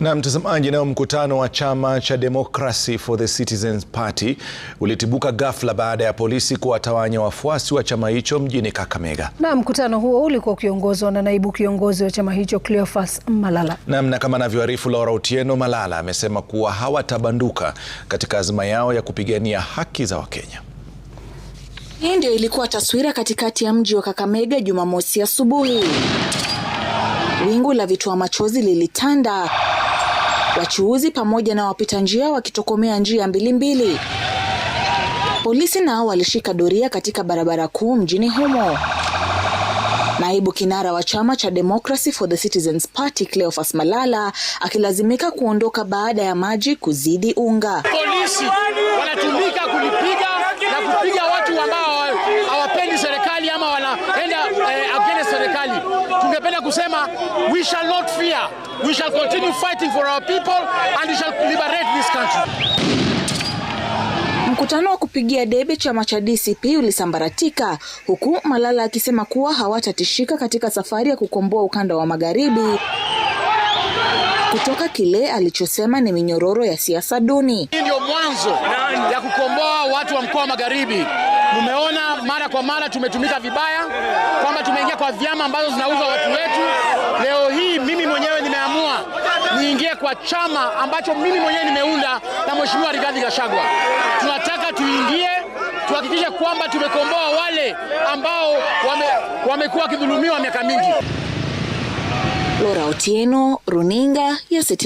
Na mtazamaji, nao mkutano wa chama cha Democracy for the Citizens Party ulitibuka ghafla baada ya polisi kuwatawanya wafuasi wa chama hicho mjini Kakamega. Na mkutano huo ulikuwa ukiongozwa na naibu kiongozi wa chama hicho Cleophas Malala. Naam, na kama anavyoarifu Laura Otieno, Malala amesema kuwa hawatabanduka katika azma yao ya kupigania haki za Wakenya. Hii ndio ilikuwa taswira katikati ya mji wa Kakamega Jumamosi asubuhi. Wingu la vitoa machozi lilitanda wachuuzi pamoja na wapita njia wakitokomea njia mbili mbili. Polisi nao walishika doria katika barabara kuu mjini humo. Naibu kinara wa chama cha Democracy for the Citizens Party Cleophas Malala akilazimika kuondoka baada ya maji kuzidi unga. Polisi. ningependa kusema we shall not fear, we shall continue fighting for our people and we shall liberate this country. Mkutano wa kupigia debe chama cha DCP ulisambaratika huku Malala akisema kuwa hawatatishika katika safari ya kukomboa ukanda wa magharibi kutoka kile alichosema ni minyororo ya siasa duni. Hii ndio mwanzo ya kukomboa watu wa mkoa wa magharibi. Mumeona mara kwa mara tumetumika vibaya, kwamba tumeingia kwa vyama ambazo zinauza watu wetu. Leo hii mimi mwenyewe nimeamua niingie kwa chama ambacho mimi mwenyewe nimeunda na Mheshimiwa Rigathi Gachagua. Tunataka tuingie tuhakikishe kwamba tumekomboa wale ambao wamekuwa wakidhulumiwa miaka mingi. Lora Otieno, runinga ya Citizen.